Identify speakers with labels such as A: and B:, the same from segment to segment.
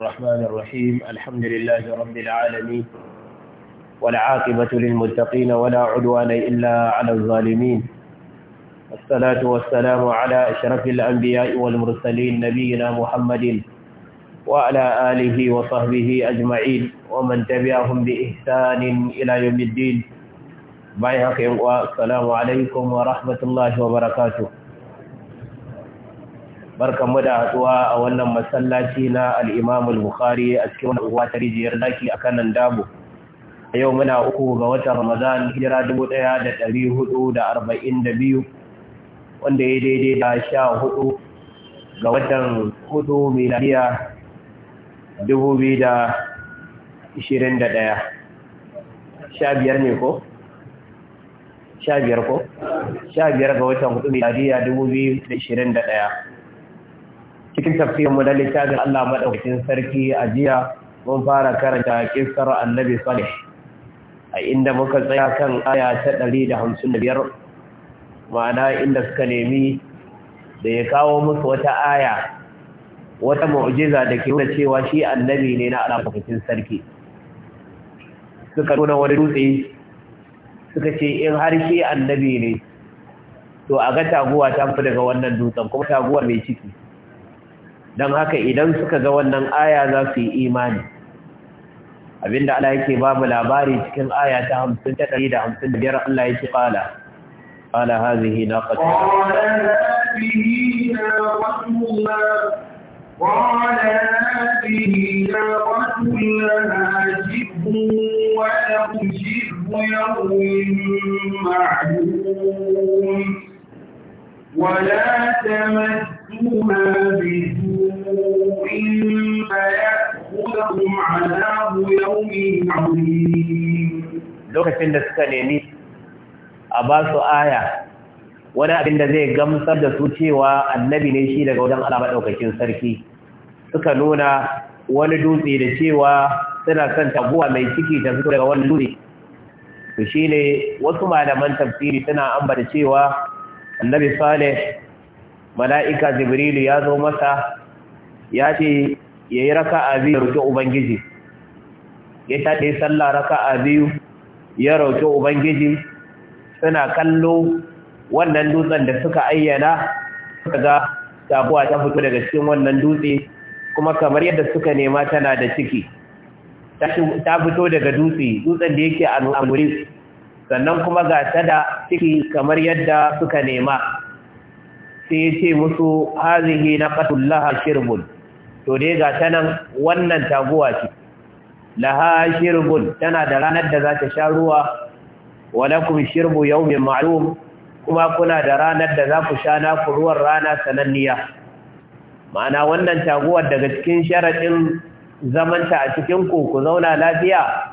A: الرحمن الرحيم الحمد لله رب العالمين والعاقبة للمتقين ولا عدوان إلا على الظالمين الصلاة والسلام على أشرف الأنبياء والمرسلين نبينا محمد وعلى آله وصحبه أجمعين ومن تبعهم بإحسان إلى يوم الدين بايحك السلام عليكم ورحمة الله وبركاته barkan mu da haduwa a wannan masallaci na al-Imam al-Bukhari a cikin wannan uwa ta rijiyar zaki a kanan dabo yau muna uku ga watan Ramadan hijira 1442 wanda ya daidai da 14 ga watan hudu miladiya 2021 sha biyar ne ko? sha biyar ko? sha biyar ga watan hudu miladiya 2021 cikin tafsirin mu da littafin Allah madaukakin sarki a jiya mun fara karanta kissar annabi salih a inda muka tsaya kan aya ta 155 ma'ana inda suka nemi da ya kawo musu wata aya wata mu'jiza da ke nuna cewa shi annabi ne na Allah sarki suka nuna wani dutse suka ce in har shi annabi ne to a ga taguwa ta fi daga wannan dutsen kuma taguwa mai ciki don haka idan suka ga wannan aya za su yi imani abinda Allah yake babu labari cikin aya ta 55 Allah yake kala قال هذه ناقة قال
B: هذه الله قال هذه لها يوم معلوم ولا تأتونا فيأخذهم عذاب يوم عظيم
A: lokacin da suka nemi a ba su aya wani abin da zai gamsar da su cewa annabi ne shi daga wajen alama ɗaukakin sarki suka nuna wani dutse da cewa suna son taguwa mai ciki ta fito daga wani dutse to shine wasu malaman tafsiri suna ambata cewa annabi salih mala'ika jibrilu ya zo masa ya ce ya yi raka'a biyu ya rauke ubangiji ya taɗe sallah raka'a biyu ya rauke ubangiji suna kallo wannan dutsen da suka ayyana suka ga ta fito daga cikin wannan dutse kuma kamar yadda suka nema tana da ciki ta fito daga dutse dutsen da yake a nuri sannan kuma ga ta da ciki kamar yadda suka nema sai ya ce musu hazihi na laha shirbun to dai ga tanan wannan taguwa ce laha shirbun tana da ranar da za ta sha ruwa walakum shirbu mai ma'arum kuma kuna da ranar da za ku sha naku ruwan rana sananniya ma'ana wannan taguwar daga cikin sharaɗin zamanta a cikinku ku zauna lafiya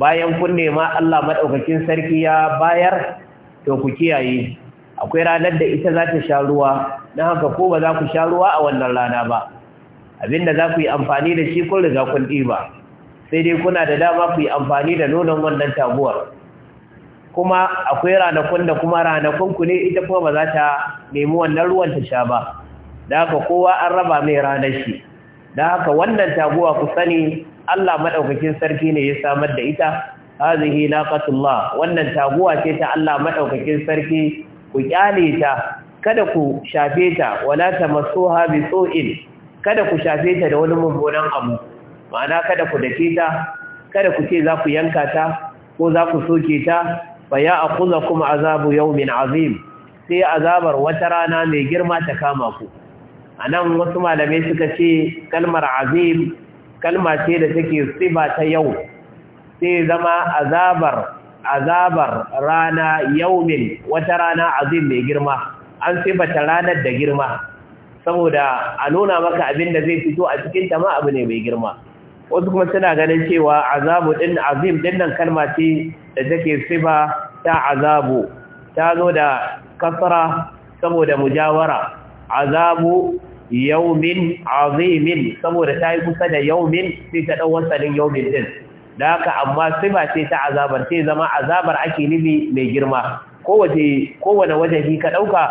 A: bayan kun nema Allah maɗaukakin sarki ya bayar to ku kiyaye akwai ranar da ita za ta sha ruwa na haka ko ba za ku sha ruwa a wannan rana ba abinda za ku yi amfani da shi kun riga kun ɗiba sai dai kuna da dama ku yi amfani da nonon wannan taguwar kuma akwai ranakun da kuma ranakun ku ne ita kuma ba za ta nemi wannan ruwan ta sha ba da haka kowa an raba mai ranar shi da haka wannan taguwa ku sani Allah madaukakin sarki ne ya samar da ita hazihi naqatullah wannan taguwa ce ta Allah madaukakin sarki ku kyale ta kada ku shafe ta wala tamassuha bi su'in kada ku shafe ta da wani mummunan abu ma'ana kada ku dake ta kada ku ce za ku yanka ta ko za ku soke ta fa ya kuma azabu yau min azim sai azabar wata rana mai girma ta kama ku anan wasu malamai suka ce kalmar azim kalma ce da take siba ta yau sai zama azabar azabar rana yaumin wata rana azim mai girma an sifata ranar da girma saboda a nuna maka abin da zai fito a cikin ta ma abu ne mai girma wasu kuma suna ganin cewa azabu din azim din nan kalma ce da take sifa ta azabu ta zo da kasra saboda mujawara azabu yaumin azimin saboda ta yi kusa da yaumin sai ta ɗau wasalin yaumin din da haka amma sai ba sai ta azabar sai zama azabar ake nufi mai girma kowane ki ka ɗauka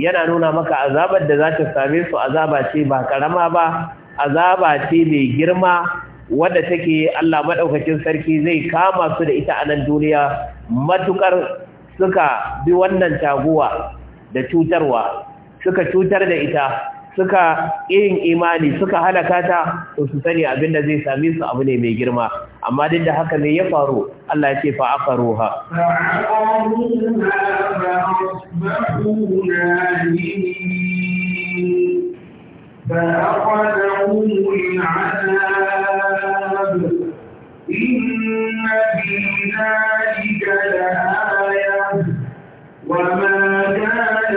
A: yana nuna maka azabar da za same su azaba ce ba karama ba azaba ce mai girma wadda take Allah maɗaukacin sarki zai kama su da ita a nan duniya matukar suka bi wannan taguwa da cutarwa suka cutar da ita suka irin imani suka halaka ta to su sani abin da zai same su abu ne mai girma amma duk da haka ne ya faru Allah ya ce fa aqaruha
B: فأخذهم العذاب إن في ذلك لآية وما كان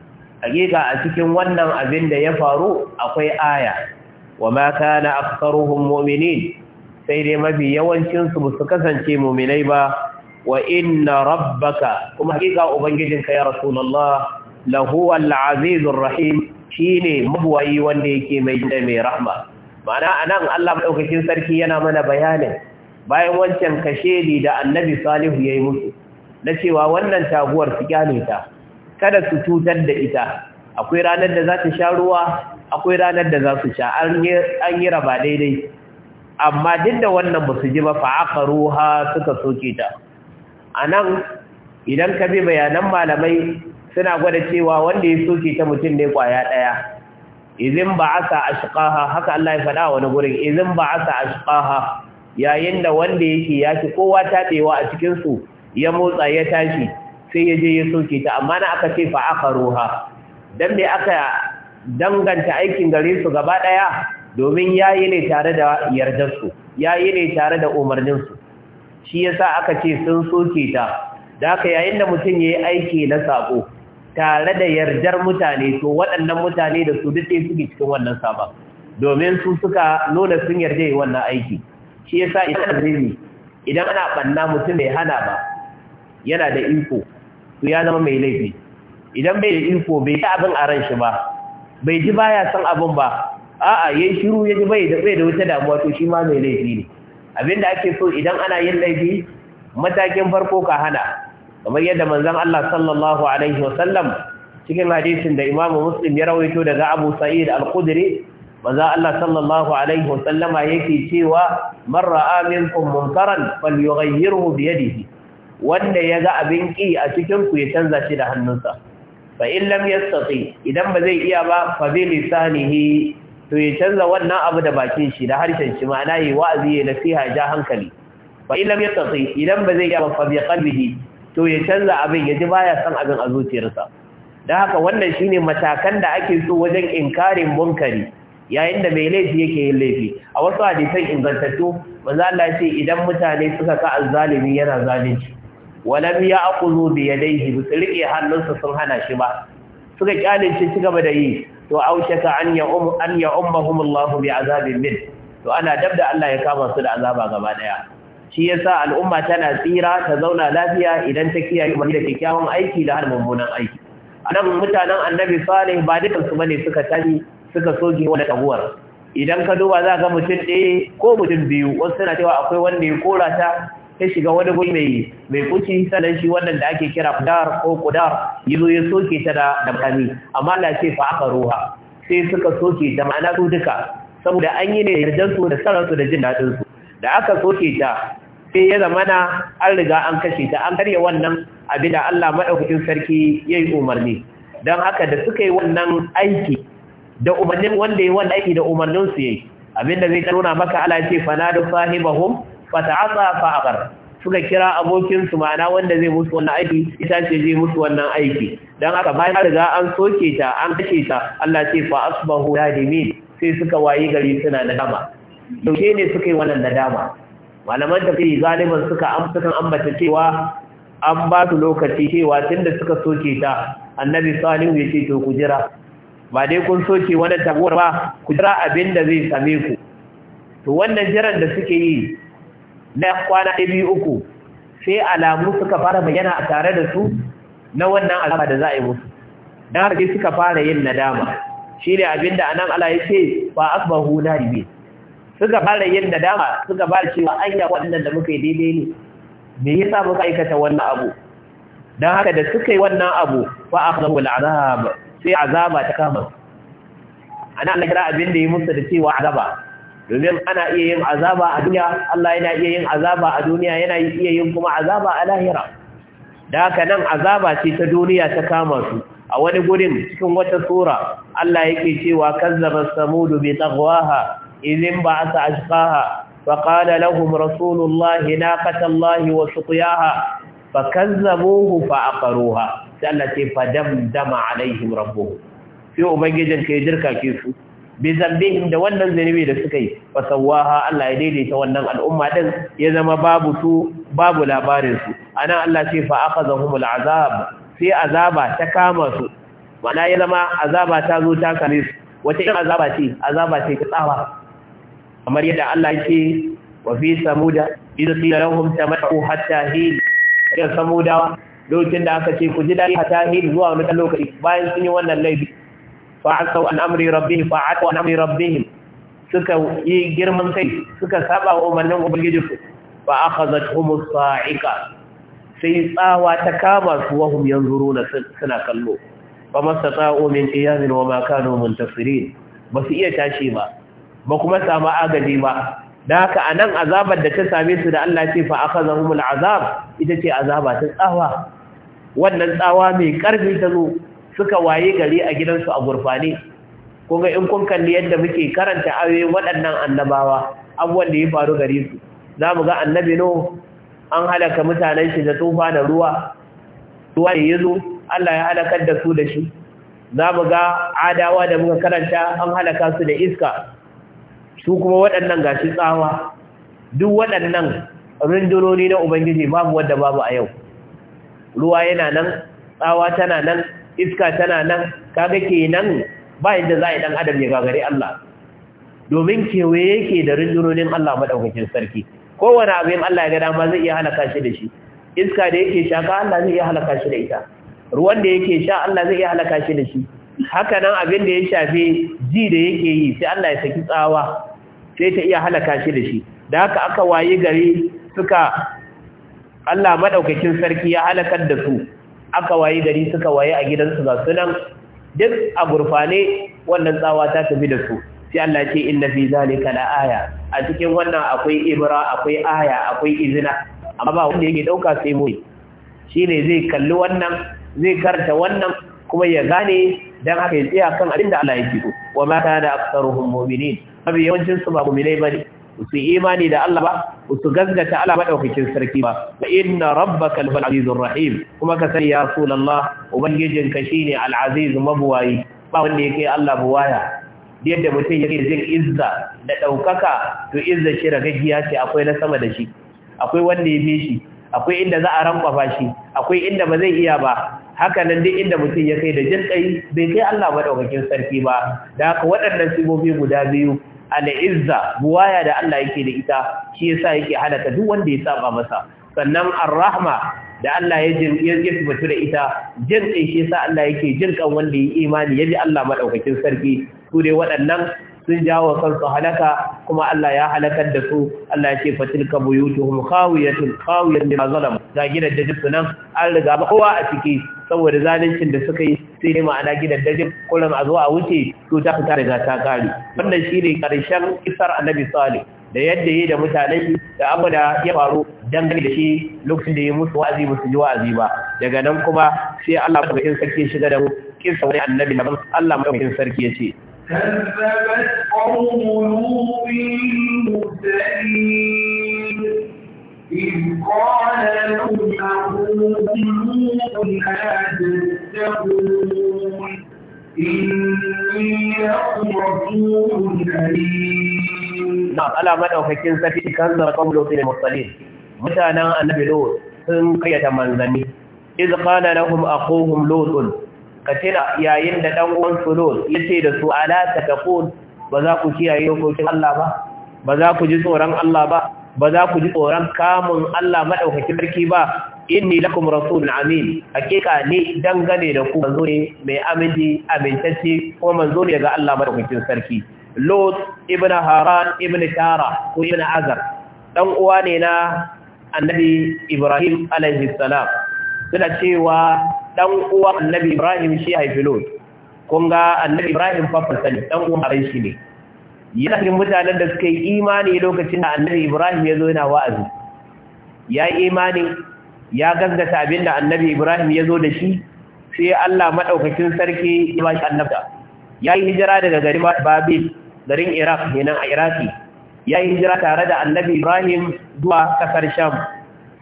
A: hakika a cikin wannan abin da ya faru akwai aya wa ma kana aktharuhum mu'minin sai dai mafi yawancin su su kasance mu'minai ba wa inna rabbaka kuma hakika ubangijinka ya rasulullah lahu al-azizur rahim shine mabuwayi wanda yake mai da mai rahma ma'ana anan Allah madaukakin sarki yana mana bayanin bayan wancan kashedi da annabi salihu yayi musu na cewa wannan taguwar su kyale ta kada su cutar da ita akwai ranar da za ta sha ruwa akwai ranar da za su sha an yi raba daidai amma duk da wannan ba su ji ba fa’aka ruwa suka soke ta a nan idan ka bi bayanan malamai suna gwada cewa wanda ya soke ta mutum ne kwaya ɗaya izin ba a sa a shiƙaha haka Allah ya faɗa wani gurin izin ba a sa a shiƙaha yayin da wanda yake ya fi kowa taɓewa a cikinsu ya motsa ya tashi sai ya je ya soke ta amma na aka ce fa aka roha dan me aka danganta aikin gare su gaba ɗaya? domin yayi ne tare da yardar su yayi ne tare da umarnin su shi yasa aka ce sun soke ta da haka yayin da mutum yayi aiki na sako tare da yardar mutane to waɗannan mutane da su duk suke cikin wannan sabon domin su suka nuna sun yarda yi wannan aiki shi yasa idan idan ana ɓanna mutum bai hana ba yana da iko to ya zama mai laifi idan bai da iko bai ta abin a ran shi ba bai ji baya san abin ba a'a yayi shiru ya ji bai da bai da wata damuwa to shi ma mai laifi ne Abin da ake so idan ana yin laifi matakin farko ka hana kamar yadda manzon Allah sallallahu alaihi wasallam cikin hadisin da Imam Muslim ya rawaito daga Abu Sa'id al-Khudri manzon Allah sallallahu alaihi wasallama yake cewa man ra'a minkum munkaran falyughayyirhu bi wanda ya ga abin ƙi a cikin ku ya canza shi da hannunsa fa in yastati idan ba zai iya ba fa bi lisanihi to ya canza wannan abu da bakin shi da harshen shi ma'ana yi wa'azi ya nasiha ja hankali fa in yastati idan ba zai iya ba fa bi qalbihi to ya canza abin ya ji baya son abin a zuciyarsa Da haka wannan shine matakan da ake so wajen inkarin munkari yayin da mai laifi yake yin laifi a wasu hadisan ingantattu manzo Allah ce idan mutane suka ka azzalimi yana zalunci walam ya aquzu bi yadayhi bi tsirke hannunsa sun hana shi ba suka kyalance ci gaba da yi to aushaka an ya um an ya ummahum Allah bi azabin min to ana dabda Allah ya kama su da azaba gaba daya shi yasa al'umma tana tsira ta zauna lafiya idan ta kiyaye umarni da kyakkyawan aiki da har mummunan aiki anan mutanen annabi salih ba dukan su bane suka tashi suka soge wanda kabuwar idan ka duba za ga mutum ɗaya ko mutum biyu wasu suna cewa akwai wanda ya kora ta sai shiga wani guri mai mai kuci sanan shi wannan da ake kira kudar ko kudar yazo ya soke ta da da amma Allah ce fa aka ruha sai suka soke da ma'ana su duka saboda an yi ne yardan su da sarar su da jin dadin su da aka soke ta sai ya zamana an riga an kashe ta an karya wannan abin da Allah madaukakin sarki yayi umarni don haka da suka yi wannan aiki da umarnin wanda ya wannan aiki da umarnin su yayi abinda zai nuna maka Allah ya ce fanadu sahibahum Fata fa fa'abar suka kira abokinsu ma'ana wanda zai musu wannan aiki ita ce zai musu wannan aiki don bayar bayan riga an soke ta an kashe ta Allah ce fa asbahu nadimin sai suka wayi gari suna nadama Yaushe ne suka yi wannan nadama malaman kai galiban suka amsa kan ambata cewa an ba su lokaci cewa tunda suka soke ta annabi salihu ya ce to ku jira ba dai kun soke wannan tagowar ba ku jira abin da zai same ku to wannan jiran da suke yi na kwana biyu uku sai alamu suka fara magana a tare da su na wannan alama da za a yi musu dan harfi suka fara yin nadama shi ne abinda anan ala ya ce ba a ba huna ribe suka fara yin nadama suka fara cewa anya waɗannan da muka yi daidai ne me yasa muka aikata wannan abu Don haka da suka yi wannan abu ba a fa wani azaba sai azaba ta kama ana abin da ya yi musu da cewa azaba domin ana iya yin azaba a duniya Allah yana iya yin azaba a duniya yana iya yin kuma azaba a lahira da haka nan azaba ce ta duniya ta kama su a wani gurin cikin wata sura Allah yake cewa kazzaba samudu bi taqwaha idin ba'atha ashqaha faqala lahum rasulullahi naqatallahi wa suqiyaha fakazzabuhu fa'aqaruha sai Allah ce fadamdama alaihim rabbuhu sai ubangijin kai dirka ke su bi zambihim da wannan zanibi da suka yi fasawaha Allah ya daidaita wannan al'umma din ya zama babu su babu labarin su anan Allah sai fa akhazahumul azab sai azaba ta kama su mana ya zama azaba ta zo ta kare su wata irin azaba ce azaba ce ta tsawa kamar yadda Allah yake wa fi samuda idh qila lahum hatta hin ya samudawa lokacin da aka ce ku ji dai hatta hil zuwa wani lokaci bayan sun yi wannan laifi fa'asau an amri rabbihim fa'atu an amri rabbihim suka yi girman kai suka saba wa umarnin ubangiji su fa akhazatuhum sa'iqa sai tsawa ta kama su wahum yanzuruna suna kallo fa mastata'u min qiyamin wa ma kanu muntasirin su iya tashi ba ba kuma samu agaji ba da haka anan azabar da ta same su da Allah ce fa akhazahum al'azab ita ce azaba ta tsawa wannan tsawa mai karfi ta zo suka waye gari a gidansu a gurfane kunga in kun kalli yadda muke karanta ayoyin waɗannan annabawa abubuwan da ya faru gari su za mu ga annabi no an halaka mutanen shi da tufa da ruwa ruwa ne ya zo Allah ya halakar da su da shi za mu ga adawa da muka karanta an halaka su da iska su kuma waɗannan gashi tsawa duk waɗannan rundunoni na ubangiji babu wadda babu a yau ruwa yana nan tsawa tana nan iska tana nan kaga kenan ba yadda za a yi dan adam ya gagare Allah domin kewaye yake da rundunonin Allah madaukakin sarki kowane abin Allah ya gada ma zai iya halaka shi da shi iska da yake shaka Allah zai iya halaka shi da ita ruwan da yake sha Allah zai iya halaka shi da shi haka nan abin da ya shafe ji da yake yi sai Allah ya saki tsawa sai ta iya halaka shi da shi da haka aka waye gari suka Allah madaukakin sarki ya halakar da su aka waye gari suka waye a gidansu ga sunan duk a gurfane wannan tsawa ta tafi da su sai Allah ce inna fi zalika la aya a cikin wannan akwai ibra akwai aya akwai izina amma ba wanda yake dauka sai mu shine zai kalli wannan zai karanta wannan kuma ya gane dan haka ya tsaya kan abin da Allah ya kiko wa ma kana aktsaruhum mu'minin abi yawancin su ba mu'minai bane su imani da Allah ba su gaskata Allah madaukakin sarki ba wa inna rabbakal azizur rahim kuma ka sani ya rasulullah ubangijin ka shine al aziz mabwayi ba wanda yake Allah buwaya yadda mutum yake zai izza da daukaka to izza shi ragagiya ce akwai na sama da shi akwai wanda ya bi shi akwai inda za a rankwafa shi akwai inda ba zai iya ba haka nan duk inda mutum ya kai da jin kai bai kai Allah madaukakin sarki ba da haka waɗannan sibobi guda biyu al'izza buwaya da Allah yake da ita shi yasa yake halaka duk wanda ya saba masa sannan ar-rahma da Allah ya jirgin da ita jin kai shi yasa Allah yake jin kan wanda ya imani yaji Allah madaukakin sarki su dai waɗannan sun jawo kansu halaka kuma Allah ya halakar da su Allah ya ce fatilka buyutuhum khawiyatun khawiyatan bima zalam ga gidan da nan an riga ba kowa a ciki saboda zalincin da suka yi sai ne ma'ana gidan dajin kullum a zo a wuce to ta fita daga ta kare wannan shi ne ƙarshen isar annabi salih da yadda yi da mutanen da abu da ya faru dangane da shi lokacin da ya musu wa'azi musu ji wa'azi ba daga nan kuma sai Allah kin sarki shiga da mu kin wani annabi da Allah kin sarki ya ce Nan ala maɗaukakin safi kan zarafin lotu da musulun, mutanen annabi Lo sun kayyata manzanni, iz kana na hum a kohun lotun, ka tira yayin da ɗan’uwansu Lot ya ce da su alata ta ko ba za ku kiyaye dokokin Allah ba, ba za ku ji tsoron Allah ba. ba za ku ji tsoron kamun Allah maɗaukakin sarki ba inni lakum rasulun amin hakika ne dangane da ku manzo ne mai aminci amintacce ko manzo ne ga Allah maɗaukakin sarki lot ibn haran ibn tara ko ibn azar dan uwa ne na annabi ibrahim alaihi salam suna cewa dan uwa annabi ibrahim shi haifi lot kun ga annabi ibrahim fafansa ne dan uwa shi ne yana cikin mutanen da suka yi imani lokacin da annabi Ibrahim ya zo yana wa'azi ya yi imani ya gaskata abin da annabi Ibrahim ya zo da shi sai Allah maɗaukacin sarki ya bashi annabta ya yi hijira daga garin Babil garin Iraq kenan a Iraki ya yi hijira tare da annabi Ibrahim zuwa kasar Sham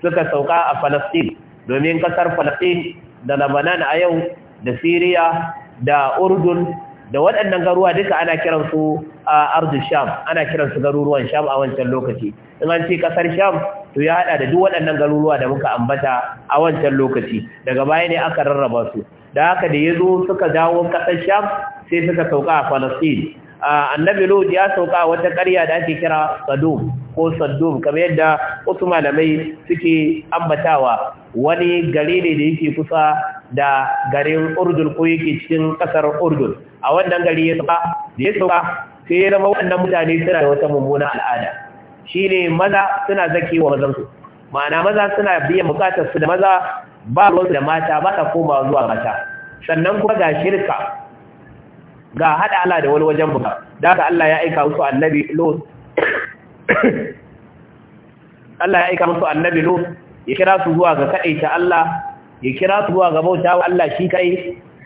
A: suka sauka a falastin domin kasar falastin da labanan a yau da Siriya da Urdun da waɗannan garuwa duka ana kiransu a ardu sham ana kiransu garuruwan sham a wancan lokaci in an ce kasar sham to ya haɗa da duk waɗannan garuruwa da muka ambata a wancan lokaci daga baya ne aka rarraba su da haka da ya zo suka dawo kasar sham sai suka sauka a falastin annabi lodi ya sauka a wata karya da ake kira sadum ko saddum kamar yadda wasu malamai suke ambatawa wani gare ne da yake kusa da garin urdun ko yake cikin ƙasar urdun a wannan gari ya sauka da ya sauka sai ya zama waɗannan mutane suna da wata mummuna al'ada Shi ne maza suna zaki wa mazansu ma'ana maza suna biyan bukatarsu su da maza ba ruwansu da mata ba ta koma zuwa mata sannan kuma ga shirka ga haɗa ala da wani wajen buka da haka Allah ya aika musu annabi Lut Allah ya aika musu annabi Lut ya kira su zuwa ga kaɗaita Allah ya kira su zuwa ga bauta wa Allah shi kai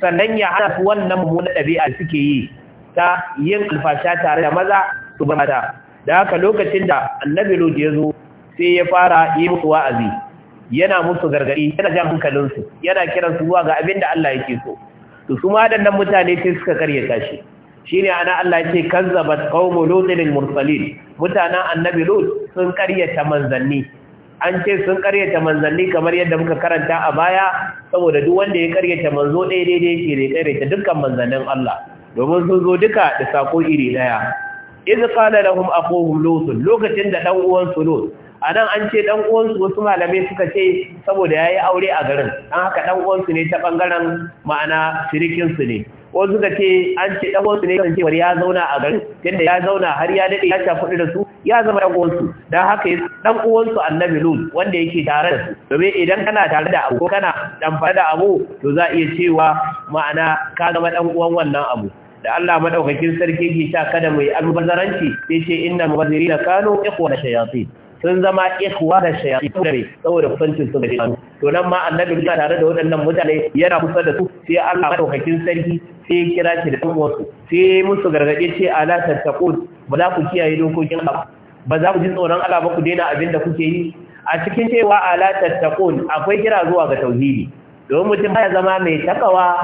A: sannan ya hana su wannan mummunan ɗabi'a suke yi ta yin alfasha tare da maza su ba mata da haka lokacin da annabi lodi ya zo sai ya fara yi musu wa'azi yana musu gargadi yana jan hankalinsu yana kiran su zuwa ga abin da Allah yake so to su ma mutane sai suka karyata shi shine ana Allah ya ce kazzabat qaumu lutin mursalin mutanen annabi lut sun karyata manzanni an ce sun karyata manzanni kamar yadda muka karanta a baya saboda duk wanda ya karyata manzo daidai daidai yake da karyata dukkan manzannin Allah domin sun zo duka da sako iri daya idza qala lahum aquhum lut lokacin da dan uwan su lut anan an ce dan uwan su wasu malamai suka ce saboda yayi aure a garin dan haka dan uwan su ne ta bangaren ma'ana sirikin su ne wasu suka ce an ce ɗan wasu ne kasancewar ya zauna a garin yadda ya zauna har ya daɗe ya shafi da su ya zama ɗan uwansu don haka ɗan uwansu annabi lul wanda yake tare da su domin idan kana tare da abu ko kana ɗamfare da abu to za a iya cewa ma'ana ka zama ɗan uwan wannan abu da Allah maɗaukakin sarki ke sha kada mai albazaranci ya ce inna ya kowa na shayatin sun zama ikhwa da shayatu da saboda kusancin su da shayatu to nan ma annabi bisa tare da waɗannan mutane yana kusa da su sai Allah kin sarki sai ya kira shi da ɗan sai musu gargaɗe ce ala tattaqun ba za ku kiyaye dokokin Allah ba za ku ji tsoron Allah ba ku daina abin da kuke yi a cikin cewa ala tattaqun akwai kira zuwa ga tauhidi Don mutum baya zama mai takawa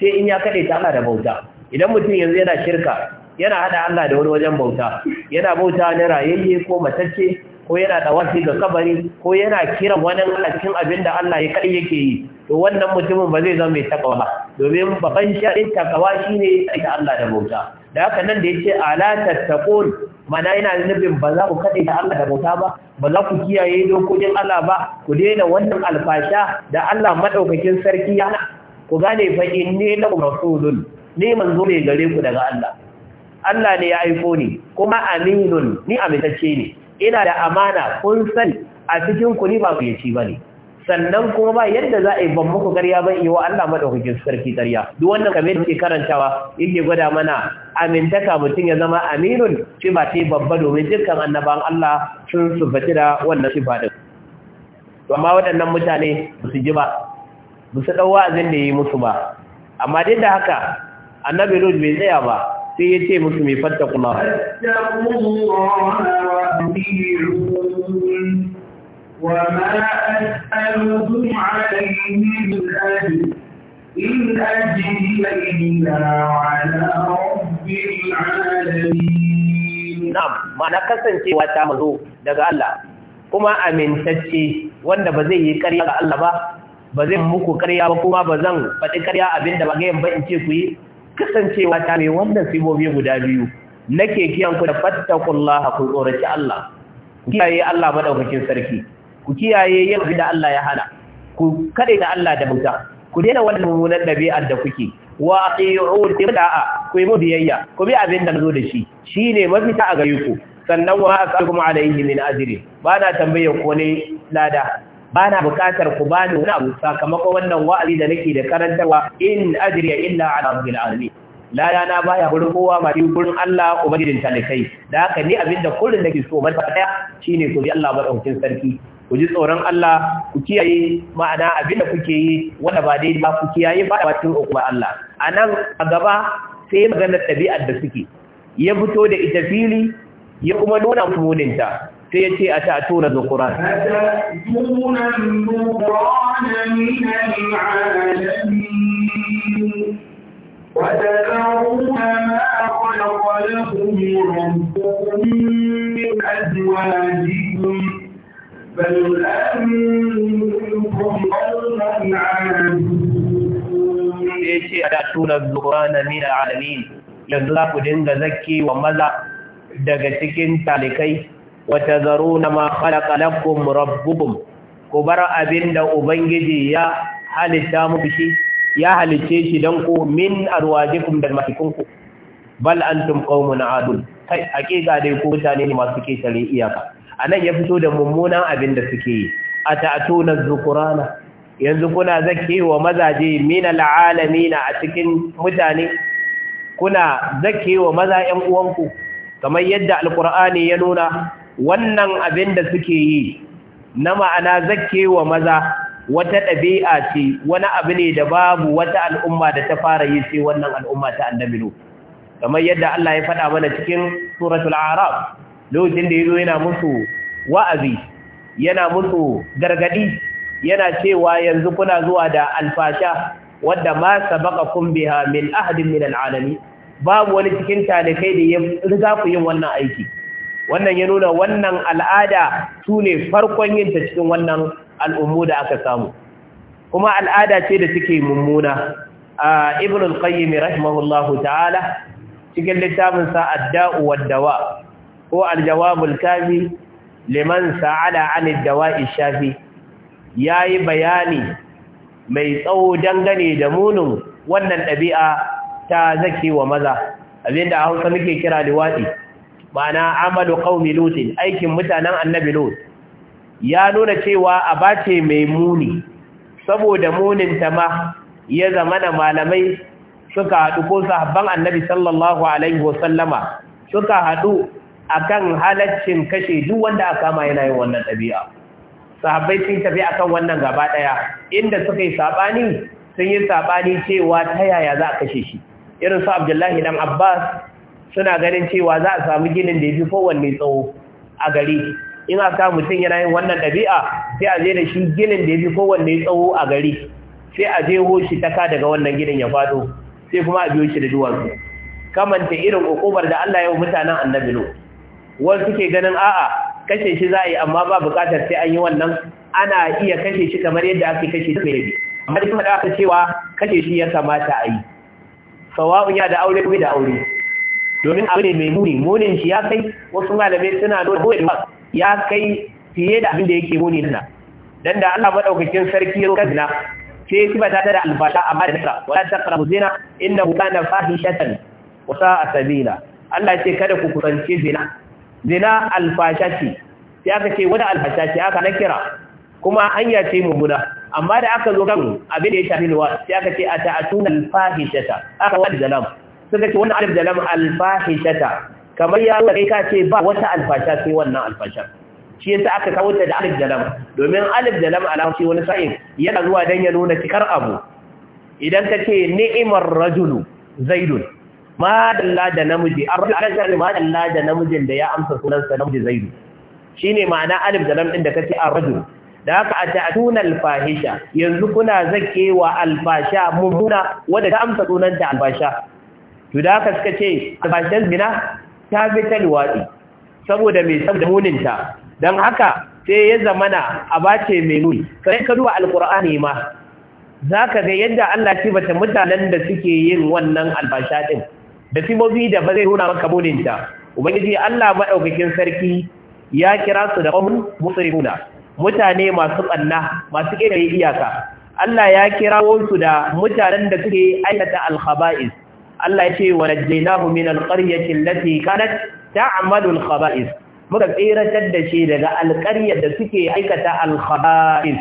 A: sai in ya kade ta Allah da bauta idan mutum yanzu yana shirka yana hada Allah da wani wajen bauta yana bauta na rayayye ko matacce ko yana da wasi ga kabari ko yana kiran wani Allah cikin abin da Allah ya kai yake yi to wannan mutumin ba zai zama mai takawa ba domin baban shaɗin takawa shi ne Allah da bauta da haka nan da yace ala tattaqun mana yana nufin ba za ku kaɗe da Allah da bauta ba ba za ku kiyaye dokokin Allah ba ku daina wannan alfasha da Allah madaukakin sarki na ku gane fa inni la rasulun ni manzo ne gare ku daga Allah Allah ne ya aiko ni kuma aminun ni amintacce ne ina da amana kun san a cikin ku ni ba ku yaci bane sannan kuma ba yadda za a yi ban muku ƙarya ba yi wa Allah madaukakin sarki ƙarya duk wannan kamar da ke karantawa yake gwada mana amintaka mutum ya zama aminun shi ba ce babba domin dukkan annaban Allah sun sufaci da wannan shi da din amma waɗannan mutane ba su ji ba ba su ɗau wa'azin da ya yi musu ba amma duk da haka annabi Lut bai tsaya ba sai ya ce musu mai fatta kula
B: Na أسألكم عليه من
A: mazo daga Allah kuma amintacce wanda ba zai yi ƙarya ga Allah ba ba zai muku ƙarya ba kuma ba zan faɗi ƙarya abinda ba ga yin ba in ce ku yi kasancewa ta ne wannan sibobi guda biyu nake kiyan ku da fattakullah ku tsoraci Allah ku kiyaye Allah madaukakin sarki ku kiyaye yin da Allah ya hana ku kade da Allah da bauta ku daina wannan mummunan dabi'ar da kuke wa aqiyu tibda'a ku yi mu biyayya ku bi abin da zo da shi shine mafita a gare ku sannan wa asalamu alaihi min ajri ba na tambaye ko ne lada ba na buƙatar ku ba ni wani abu sakamakon wannan wa'azi da nake da karantarwa in ajriya illa ala rabbil alamin lada na baya wurin kowa ba ni gurin Allah ubangijin talikai da haka ni abinda kullun nake so mafi daya shine ku ji Allah madaukakin sarki ku ji tsoron Allah ku kiyaye ma'ana abinda kuke yi wanda ba dai ba ku kiyaye ba da batun ukuba Allah anan a gaba sai maganar ɗabi'ar da suke ya fito da ita fili ya kuma nuna muninta sai ya ce a ta tura zukura. Sai ya ce a
B: da tunan zuwa na mina
A: yanzu za ku dinga zaki wa maza daga cikin talikai Wata garuru na ma kala-kala, ko ku bar abin da Ubangiji ya halitta muku shi, ya halicce shi don ku min arwajikun da makullin ku. Bala an tumka mu na adon, haƙiƙa dai ku mutane ne masu ƙetare iyaka, a nan ya fito da mummunan abin da suke yi, a ta'atu na zunkurana, yanzu kuna zaki yi wa mazaje minal al'adani a cikin mutane, kuna zaki wa maza 'yan uwanku, kamar yadda alkur'ani ya nuna? wannan abin da suke yi na ma'ana zakke wa maza wata ɗabi'a ce wani abu ne da babu wata al'umma da ta fara yi sai wannan al'umma ta annabino kamar yadda Allah ya faɗa mana cikin suratul arab lokacin da yazo yana musu wa'azi yana musu gargadi yana cewa yanzu kuna zuwa da alfasha wadda ma sabaqakum biha min ahadin min al'alami babu wani cikin talakai da ya riga ku yin wannan aiki wannan ya nuna wannan al'ada su ne farkon yin ta cikin wannan al'ummu da aka samu kuma al'ada ce da take mummuna a ibn al rahimahullahu ta'ala cikin littafin sa ad ko al liman sa'ala 'an ad-dawa'i Ya yayi bayani mai tsawo dangane da munin wannan ɗabi'a ta zaki wa maza abinda a Hausa muke kira liwaɗi ma'ana amalu qaumi lutin aikin mutanen annabi lut ya nuna cewa abace mai muni saboda munin ta ma ya zamana malamai suka haɗu ko sahabban annabi sallallahu alaihi wasallama suka haɗu akan halaccin kashe duk wanda aka kama yana yin wannan ɗabi'a sahabbai sun tafi akan wannan gaba ɗaya inda suka yi saɓani sun yi saɓani cewa ta yaya za a kashe shi irin su abdullahi dan abbas suna ganin cewa za a samu ginin da ya fi kowanne tsawo a gari in aka mutum yana yin wannan ɗabi'a sai a je da shi ginin da ya fi kowanne tsawo a gari sai a je hoshi taka daga wannan ginin ya faɗo sai kuma a biyo shi da duwatsu kamanta irin hukumar da Allah ya yi mutanen annabi no wasu suke ganin a'a kashe shi za a yi amma ba buƙatar sai an yi wannan ana iya kashe shi kamar yadda ake kashe shi mai amma duk da aka cewa kashe shi ya kamata a yi sawa'un ya da aure ko da aure domin abu ne mai muni munin shi ya kai wasu malamai suna nuna da ya kai fiye da abin da yake muni nan dan da Allah madaukakin sarki ya kazina sai ba ta da albasha amma da nasa wala taqrabu zina innahu kana fahishatan wa sa'a sabila Allah ce kada ku kusance zina zina alfasha ce ya ka ce wani alfasha ce aka kira kuma hanya ce mummuna amma da aka zo kan abin da ya shafi luwa sai aka ce ata'atuna alfahishata aka wadi zalam suka ce wannan alif da lam alfahishata kamar ya kai ka ce ba wata alfasha sai wannan alfasha shi yasa aka kawo ta da alif da lam domin alif da lam alama wani sa'in yana zuwa dan ya nuna cikar abu idan ka ce ni'imar rajulu zaidun ma dalla da namiji rajul ma dalla da namijin da ya amsa sunansa namiji zaidu shine ma'ana alif da lam din da kace ar-rajul da haka a ta'atuna al-fahisha yanzu kuna zakewa al-fasha mummuna wanda ta amsa sunanta al-fasha to da aka suka ce albashin zina ta fi ta luwaɗi saboda mai saboda muninta don haka sai ya zamana a bace mai nuni kai ka duba alkur'ani ma za ka ga yadda Allah ce bata mutanen da suke yin wannan albasha ɗin da simobi da ba zai nuna maka muninta ubangiji Allah maɗaukakin sarki ya kira su da ƙwamun musulmuna mutane masu ɓanna masu ƙere iyaka Allah ya kira su da mutanen da suke aikata alkhaba'is Allah ya ce wa najjaynahu min alqaryati allati kanat amadun alkhaba'is muka tsiratar da shi daga alƙaryar da suke aikata alkhaba'is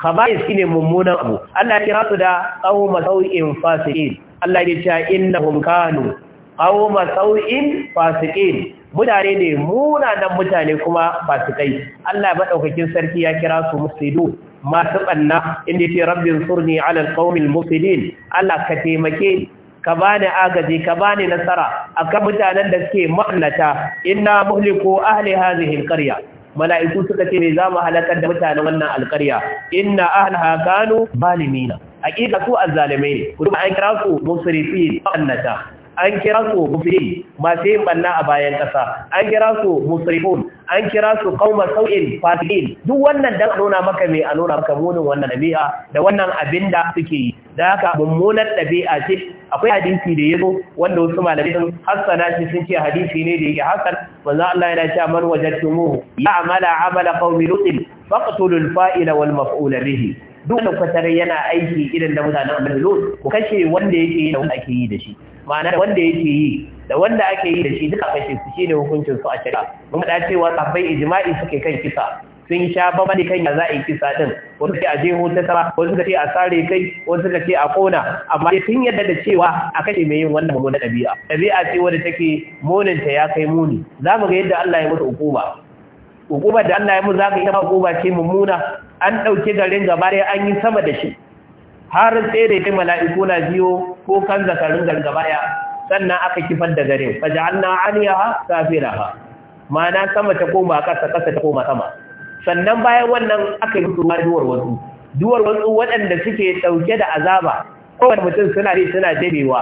A: khaba'is shine mummunan abu Allah ya kira su da qauma sau'in fasikin. Allah ya ce innahum kanu qauma sau'in fasikin. mutane ne munanan mutane kuma fasikai Allah maɗaukakin sarki ya kira su musidu masu ɓanna. inda ya ce rabbin surni ala alqawmil mufsidin Allah ka taimake ka bani agaji ka bani nasara akan mutanen da suke mahlata inna muhliku ahli hazihin karya. mala'iku suka ce ne za mu halakar da mutanen wannan alkarya. inna ahliha kanu zalimina hakika su azzalimai ne kuma an kira su musrifin annata an kira su mufiri masu yin banna a bayan ƙasa an kira su musrifun an kira su kauma sau'in fasilin duk wannan dan nuna maka mai a nuna maka munin wannan ɗabi'a da wannan abin da suke yi da haka mummunar ɗabi'a ce akwai hadisi da yazo wanda wasu malamai sun hassana shi sun ce hadisi ne da yake hasan manzo Allah yana cewa man wajadtumuhu ya'mala amala qaumi lut faqtulu al-fa'ila wal maf'ula bihi duk lokacin yana aiki idan da mutanen annabi lut ku kashe wanda yake yi da wanda ake yi da shi ma'ana wanda yake yi da wanda ake yi da shi duka kashe su shine hukuncin su a shari'a mun da cewa sahabbai ijma'i suke kan kisa sun sha bamani kan ya za a yi kisa ɗin, wasu ke a je ta sama wasu suka a sare kai wasu suka ce a kona amma ya sun yadda da cewa a kashe mai yin wannan mummunan ɗabi'a ɗabi'a ce wadda take muninta ya kai muni za mu ga yadda Allah ya mutu hukuma hukuma da Allah ya mutu za ka yi hukuma ce mummuna an ɗauke garin gaba ɗaya an yi sama da shi har sai da ya mala'iku na biyo ko kan zakarin garin gaba ɗaya sannan aka kifar da garin faja'alna aniyaha kafiraha ma'ana sama ta koma ƙasa ƙasa ta koma sama sannan bayan wannan aka yi ruwa duwar wasu duwar wasu waɗanda suke ɗauke da azaba kowane mutum suna ne suna dabewa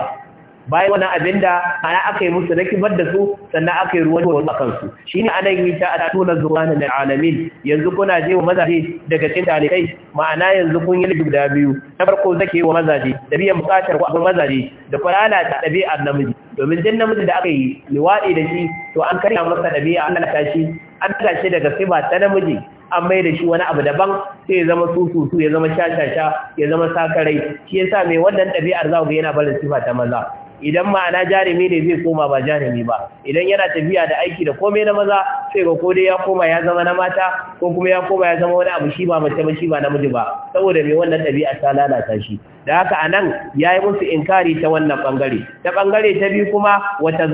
A: bayan wannan abin da ana aka yi musu na kibar da su sannan aka yi ruwan wasu a kansu shi ne ana yi ta a tunan zuwanin da alamin yanzu kuna je wa mazaje daga cin talibai ma'ana yanzu kun yi guda biyu na farko zake wa mazaje da biyan bukatar wa abin mazaje da kwalala ta ɗabi'ar namiji domin jin namiji da aka yi liwaɗi da shi to an karya masa ɗabi'a an lalata shi an shi daga sai ba ta namiji an mai da shi wani abu daban sai ya zama sususu ya zama shashasha ya zama sakarai shi yasa mai wannan ɗabi'ar za ga yana barin sifa ta maza idan ma'ana jarumi ne zai koma ba jarumi ba idan yana tafiya da aiki da komai na maza sai ga dai ya koma ya zama na mata ko kuma ya koma ya zama wani abu shi ba mace ba shi ba namiji ba saboda mai wannan ɗabi'a ta lalata shi da haka anan yayi musu inkari ta wannan bangare ta bangare ta biyu kuma wata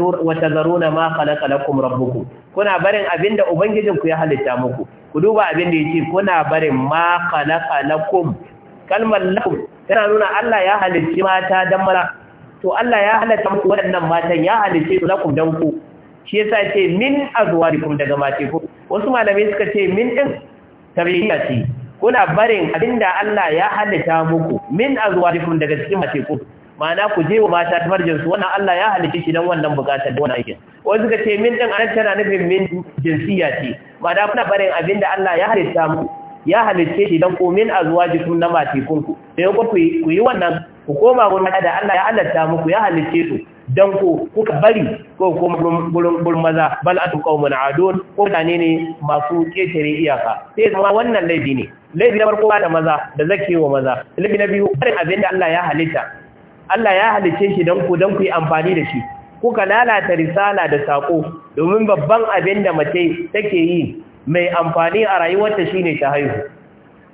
A: zaruna ma khalaqa lakum rabbukum kuna barin abin da ubangijinku ya halitta muku ku duba abin da yake kuna barin ma khalaqa lakum kalmar lakum tana nuna Allah ya halicci mata dan mara to Allah ya halitta muku waɗannan matan ya halicci su lakum dan ku shi yasa ce min azwarikum daga mace ku wasu malamai suka ce min din tabiya ce kuna barin abin da Allah ya halitta muku min azwarikum daga cikin mace ku ma'ana ku je wa mata ta farjin su wannan Allah ya halice shi dan wannan bukatar da wannan aikin wai suka ce min din anan tana nufin min jinsiya ce ma'ana kuna barin abinda Allah ya halitta mu ya halice shi dan ku min azwajikum na matikun ku sai ku ku yi wannan ku koma gurin da Allah ya halatta muku ya halice su dan ku kuka bari ko kuma gurin gurin maza bal atu qaumun adun ko da ne masu ketare iyaka sai kuma wannan laifi ne laifi na farko da maza da zakewa maza laifi na biyu barin da Allah ya halitta Allah ya halice shi don ku don ku yi amfani da shi kuka lalata risala da sako domin babban abin da mace take yi mai amfani a rayuwarta shine ta haihu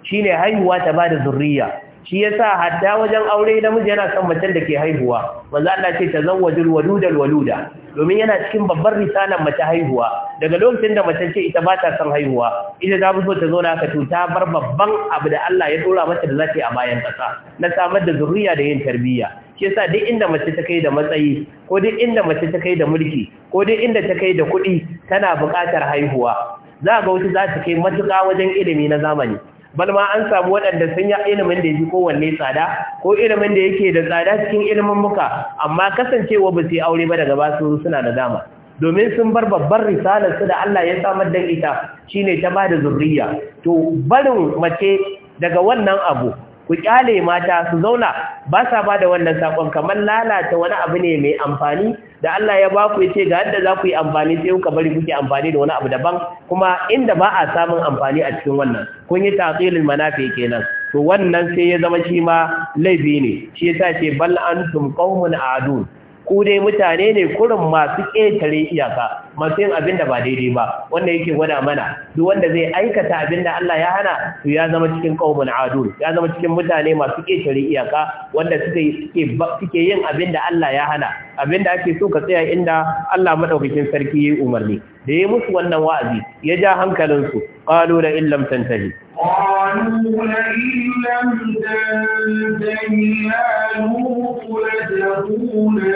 A: shine haihuwa ta ba da zurriya shi yasa hatta wajen aure miji yana son macen da ke haihuwa manzo Allah ce tazawwajul waludal waluda domin yana cikin babbar risalan mace haihuwa daga lokacin da mace ce ita ba ta son haihuwa ita mu so ta zauna ka tuta bar babban abu da Allah ya dora mata da zata yi a bayan ƙasa, na samar da zuriya da yin tarbiyya shi yasa duk inda mace ta kai da matsayi ko duk inda mace ta kai da mulki ko duk inda ta kai da kuɗi tana buƙatar haihuwa za ga wata za ta kai matuƙa wajen ilimi na zamani bal ma an samu waɗanda sun yi ilimin da ya fi kowanne tsada ko ilimin da yake da tsada cikin ilimin muka amma kasancewa ba su aure ba daga basu suna da dama domin sun bar babbar risalar su da Allah ya samar da ita shine ta bada zurriya to barin mace daga wannan abu ku kyale mata su zauna ba sa ba da wannan sakon kamar lalata wani abu ne mai amfani da Allah ya ba ku ya ce ga yadda za ku yi amfani sai kuka bari kuke amfani da wani abu daban kuma inda ba a samun amfani a cikin wannan kun yi taqilul manafi kenan to wannan sai ya zama shi ma laifi ne shi yasa ce bal antum qaumun adun ku dai mutane ne kurin masu ƙetare iyaka masu yin abin da ba daidai ba wanda yake gwada mana duk wanda zai aikata abin da Allah ya hana to ya zama cikin qaumun adul ya zama cikin mutane masu ƙetare iyaka wanda suke suke yin abin da Allah ya hana abin da ake so ka tsaya inda Allah madaukakin sarki ya umarni da ya musu wannan wa'azi ya ja hankalinsu qalu la illam tantahi
B: قالوا لئن لم تنتهي يا لوط لتكونن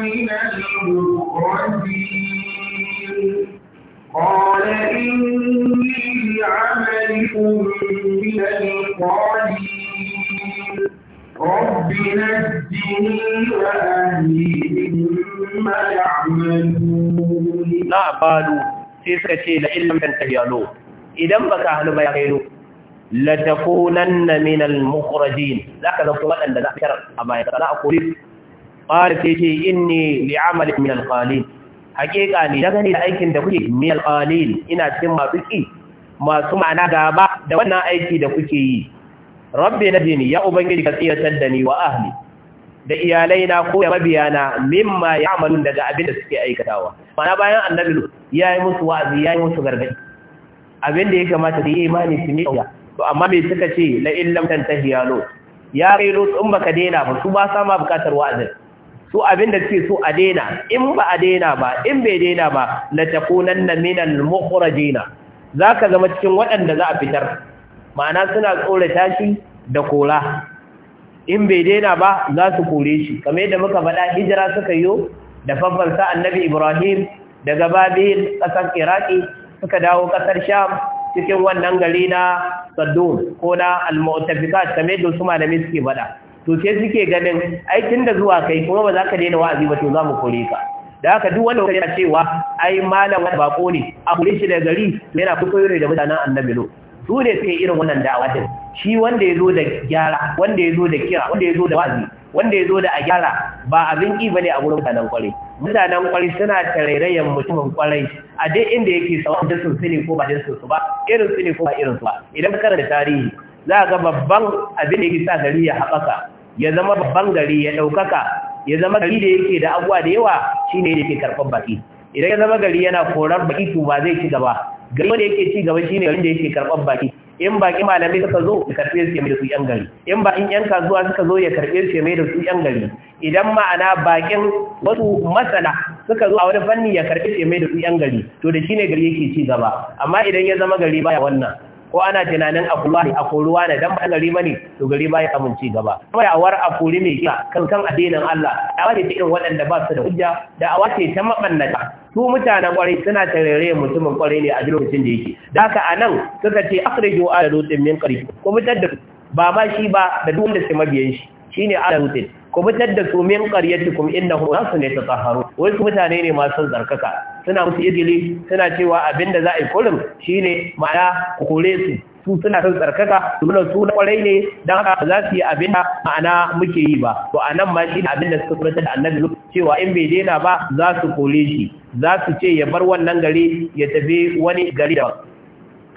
B: من المخرجين قال إني عملكم من القالين رب نجني وأهلي مما
A: يعملون لا قالوا تسكت لئن لم تنتهي ألو إذا بك أهل ما يقولوا لتكونن من المخرجين ذاك ذاك أما ذاك أبا يتلاقوا قال تيجي إني لعمل من القالين hakika ne daga ne da aikin da kuke min alqalil ina cikin masu masu ma'ana gaba da wannan aiki da kuke yi rabbi jini ya ubangiji ka tsiratar da ni wa ahli da iyalaina ko da mabiyana mimma ya'malun daga abin da suke aikatawa mana bayan annabi ya yi musu wa'azi ya yi musu gargadi abin da ya kamata da yi imani su ne to amma me suka ce la illam tantahiya lut ya kai lo in baka daina ba su ba sa ma bukatar wa'azi su abin da ke so a daina in ba a daina ba in bai daina ba la takunanna minal mukhrajina zaka zama cikin waɗanda za a fitar ma'ana suna tsorata shi da kora in bai daina ba za su kore shi kamar yadda muka faɗa hijira suka yi da fafarsa annabi Ibrahim daga Babil ƙasar Iraki suka dawo ƙasar Sham cikin wannan gari na Saddun ko na Al-Mu'tafikat kamar yadda su malami suke faɗa to sai suke ganin ai tunda zuwa kai kuma ba za ka daina wa'azi ba to za mu kore ka da haka duk wanda yana cewa ai malam wani bako ne a kure shi da gari to yana kuskure ne da mutanen annabi lo su ne suke irin wannan da'awa din shi wanda ya zo da gyara wanda ya zo da kira wanda ya zo da wa'azi wanda ya zo da a gyara ba abin ki bane a gurin mutanen kwarai mutanen kwarai suna tarairayen mutumin kwarai a dai inda yake sawa da sun sune ko ba da sun su ba irin su ne ko ba irin su ba idan ka karanta tarihi za ga babban abin da yake sa gari ya haɓaka ya zama babban gari ya ɗaukaka ya zama gari da yake da abuwa da yawa shi ne yake karɓar baki idan ya zama gari yana korar baki to ba zai ci gaba gari wanda yake ci gaba ne garin da yake karɓar baki in baki malamai suka zo ya karɓe su mai da su yan gari in ba in yan kasuwa suka zo ya karɓe su mai da su yan gari idan ma'ana bakin wasu masana suka zo a wani fanni ya karɓe su mai da su yan gari to da shi ne gari yake ci gaba amma idan ya zama gari baya wannan ko ana tunanin a kuma a koruwa ne dan ba gari ne to gari ba ya amince ci gaba kawai awar a kori ne kan kan addinin Allah a wace irin wadanda ba su da hujja da a wace ta mabannata su mutanen kwarai suna tarere mutumin kwarai ne a lokacin da yake da haka anan suka ce akhrijo ala lutin min qarib ko mutar ba ma shi ba da duk wanda sai mabiyan shi shine ala lutin ku fitar da su min qaryatikum innahum nasu ne tatahharu wai su mutane ne masu zarkaka suna musu idili suna cewa abinda za a yi kullum shine ma'ana ku kore su su suna son tsarkaka nuna su na kwarai ne don haka za su yi abin da ma'ana muke yi ba to a nan ma shi ne abin da suka kuma da annabi cewa in bai daina ba za su kore shi za su ce ya bar wannan gari ya tafi wani gari daban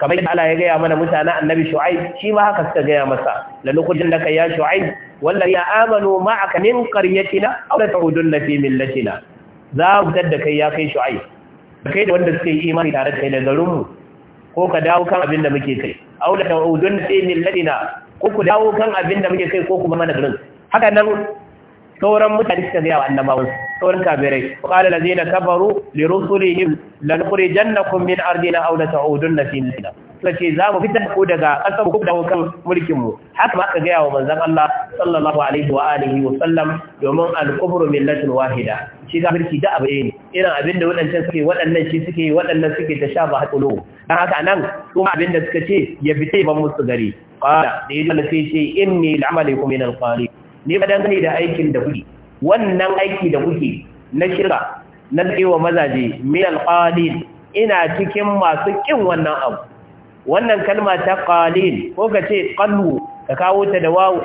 A: kamar yadda Allah ya gaya mana mutanen annabi shu'aib shi ma haka suka gaya masa la lokacin da kai ya shu'aib wallahi ya amanu ma'aka min qaryatina aw la ta'udunna fi millatina za mu tadda kai ya kai shu'aib kai da wanda suka yi imani tare da kai da garinmu ko ka dawo kan abin da muke kai aw la ta'udunna fi millatina ko ku dawo kan abin da muke kai ko kuma mana garin haka nan sauran mutane suka gaya wa annabawan sauran kabirai qala allazina kafaru li rusulihim lanukhrijannakum min ardina aw la ta'udunna fi millina sace za mu fitar ku daga kasar ku da kan mulkin mu haka ma aka gaya wa manzon Allah sallallahu alaihi wa alihi wa sallam domin al-kufru millatun wahida shi kafirci da abu ne irin abinda wadannan suke wadannan shi suke wadannan suke ta shafa ba hakulu dan haka nan abin abinda suka ce ya fitai ban musu gari qala da yadda sai ce inni la'amalikum min al-qalib ne ba dangane da aikin da kuke wannan aiki da kuke na shirka na tsewa mazaje min alqalil ina cikin masu kin wannan abu wannan kalma ta qalil ko ka ce qallu ka kawo ta da wawu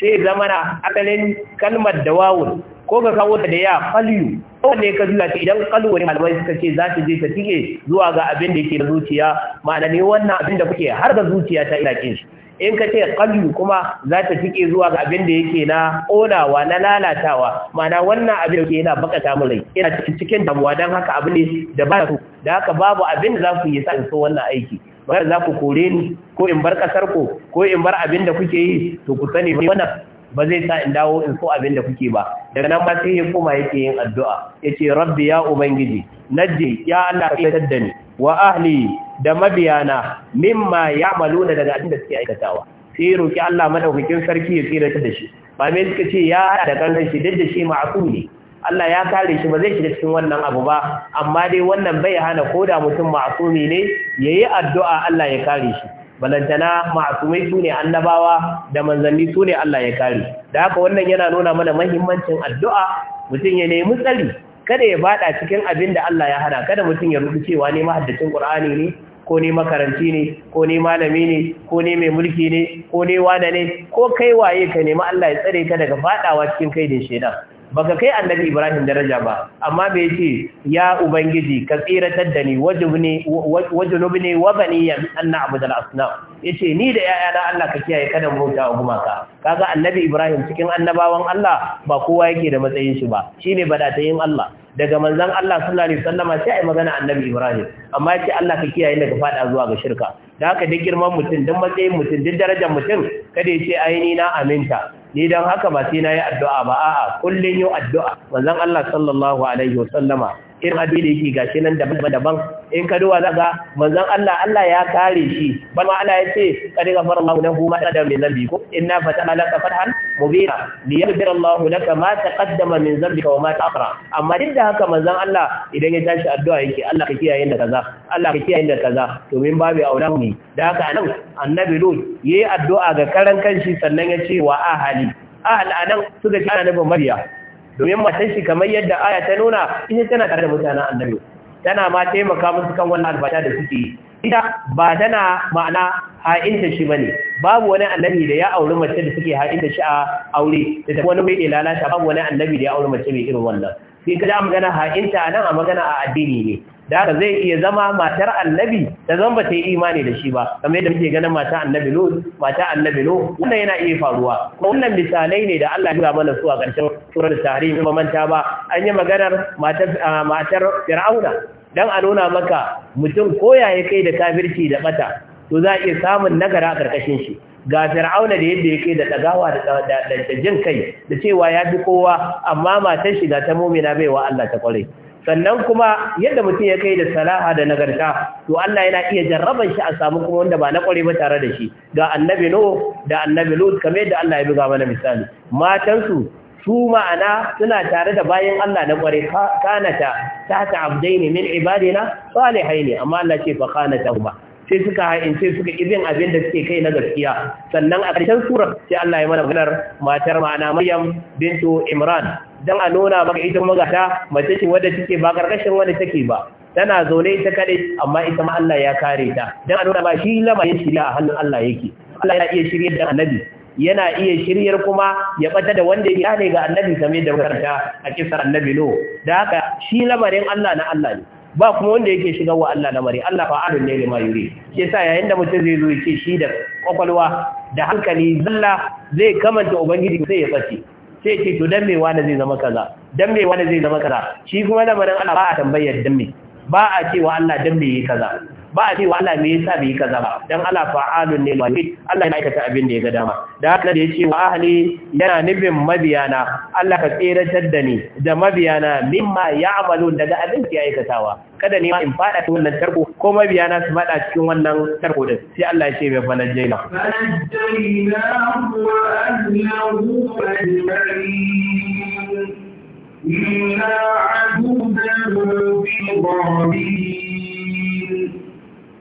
A: sai zamana asalin kalmar da wawu ko ka kawo ta da ya qalyu ne ka zula ta idan ne malamai suka ce za ta je ta tike zuwa ga abin da yake da zuciya ma'ana ne wannan abin da kuke har da zuciya ta ina kin in ka ce qalbi kuma za ta tike zuwa ga abin da yake na ƙonawa na lalatawa mana wannan abin da yana bakata mu rai ina cikin damuwa don haka abin ne da ba su da haka babu abin da za ku yi sa so wannan aiki bayan za ku kore ni ko in bar kasar ku ko in bar abin da kuke yi to ku sani ba wannan ba zai sa in dawo in so abin da kuke ba daga nan ma sai ya koma yake yin addu'a yace rabbi ya ubangiji najji ya Allah ka tsare da ni wa ahli da mabiyana mimma maluna daga abin da suke aikatawa sai roki Allah madaukakin sarki ya tsira da shi ba mai suka ce ya hada da kansa shi duk da shi ma'asum ne Allah ya kare shi ba zai shiga cikin wannan abu ba amma dai wannan bai hana ko da mutum ma'asumi ne yayi addu'a Allah ya kare shi balantana ma'asumai sune, annabawa da manzanni sune Allah ya kare da haka wannan yana nuna mana mahimmancin addu'a mutum ya nemi tsari kada ya bada cikin abin da Allah ya hana kada mutum ya rubuce cewa ne mahaddacin Qur'ani ne ko ni makaranti ne ko ni malami ne ko ni mai mulki ne ko ni wada ne ko kai waye ka nemi Allah ya tsare ka daga fadawa cikin kai da shedan baka kai annabi Ibrahim daraja ba amma bai ce ya ubangiji ka tsiratar da ni wajibni wajunubni wa ya an na'budal asnam yace ni da yayana Allah ka kiyaye kada mu guma Ka kaga annabi Ibrahim cikin annabawan Allah ba kowa yake da matsayin shi ba shine badatayin Allah daga manzon Allah sallallahu alaihi wasallama sai ai magana annabi Ibrahim amma yace Allah ka kiyaye daga fada zuwa ga shirka da haka duk girman mutum duk matsayin mutum duk darajar mutum kada yace ce ai na aminta ni dan haka ba sai na yi addu'a ba a'a kullun yi addu'a manzon Allah sallallahu alaihi wasallama irin abin da yake gashi nan daban-daban in ka duwa zaga manzon Allah Allah ya kare shi ma Allah ya ce qad fara Allah ku ma da min zambi ko inna fatana laka fathan mubina li yaghfira Allahu laka ma taqaddama min zambika wa ma ta'akhara amma duk da haka manzon Allah idan ya tashi addu'a yake Allah ka kiyaye da kaza Allah ka kiyaye da kaza to min babu aura ne da haka anan annabi Lut yayi addu'a ga karan kanshi sannan ya ce wa ahali ahal anan suka ci annabi Maryam domin matan shi kamar yadda aya ta nuna ita tana tare da mutanen annabi tana ma taimaka musu kan wannan albata da suke yi ita ba tana ma'ana ha'inta shi bane babu wani annabi da ya auri mace da suke ha'inta shi a aure da ta wani mai lalata babu wani annabi da ya auri mace mai irin wannan sai ka a magana ha'inta a nan a magana a addini ne da haka zai iya zama matar annabi da zan ba ta yi imani da shi ba kamar yadda muke ganin mata annabi lo mata annabi lo wannan yana iya faruwa wannan misalai ne da Allah ya mana su a ƙarshen surar tarihi ba manta ba an yi maganar matar matar fir'auna dan a nuna maka mutum koya ya kai da kafirci da bata to za a iya samun nagara a ƙarƙashin shi ga fir'auna da yadda yake da dagawa da jin kai da cewa ya fi kowa amma matar shi shiga ta mumina baiwa Allah ta kwarai sannan kuma yadda mutum ya kai da salaha da nagarta to Allah yana iya jarraban shi a samu kuma wanda ba na kware ba tare da shi ga annabi no da annabi lut kamar yadda Allah ya buga mana misali matansu su ma'ana suna tare da bayan Allah na kware kanata ta ta abdaini min ibadina salihaini amma Allah ce fa kanata huma sai suka ha'ince suka ibin abin da suke kai na gaskiya sannan a ƙarshen surar sai Allah ya mana maganar matar ma'ana Maryam bintu Imran dan a nuna maka ita magata mace ce wadda take ba karkashin wani take ba tana zaune ita kade, amma ita ma Allah ya kare ta dan a nuna ba shi lamarin shirya a hannun Allah yake Allah ya iya shirye da annabi yana iya shiryar kuma ya bata da wanda ya ne ga annabi game da makaranta a kisar annabi no da haka shi lamarin Allah na Allah ne ba kuma wanda yake shiga wa Allah lamari Allah adun ne lima yuri shi yasa yayin da mutum zai zo yake shi da kwakwalwa da hankali zalla zai kamanta ubangiji sai ya tsaci sai yake to dan mai wani zai zama kaza dan mai wani zai zama kaza shi kuma lamarin Allah ba a tambayar dan mai ba a cewa Allah dan ya yi kaza ba a cewa Allah me yasa bai kaza ba dan Allah fa'alun ne ma Allah ya aikata abin da ya ga dama da haka da yace wa ahli yana nufin mabiyana Allah ka tseratar da ni da mabiyana mimma ya'malun daga abin da ya aikatawa kada ne ma in fada cikin wannan tarko ko mabiyana su fada cikin wannan tarko din sai Allah ya ce bai fana jaina
B: إلا عدودا في ظالمين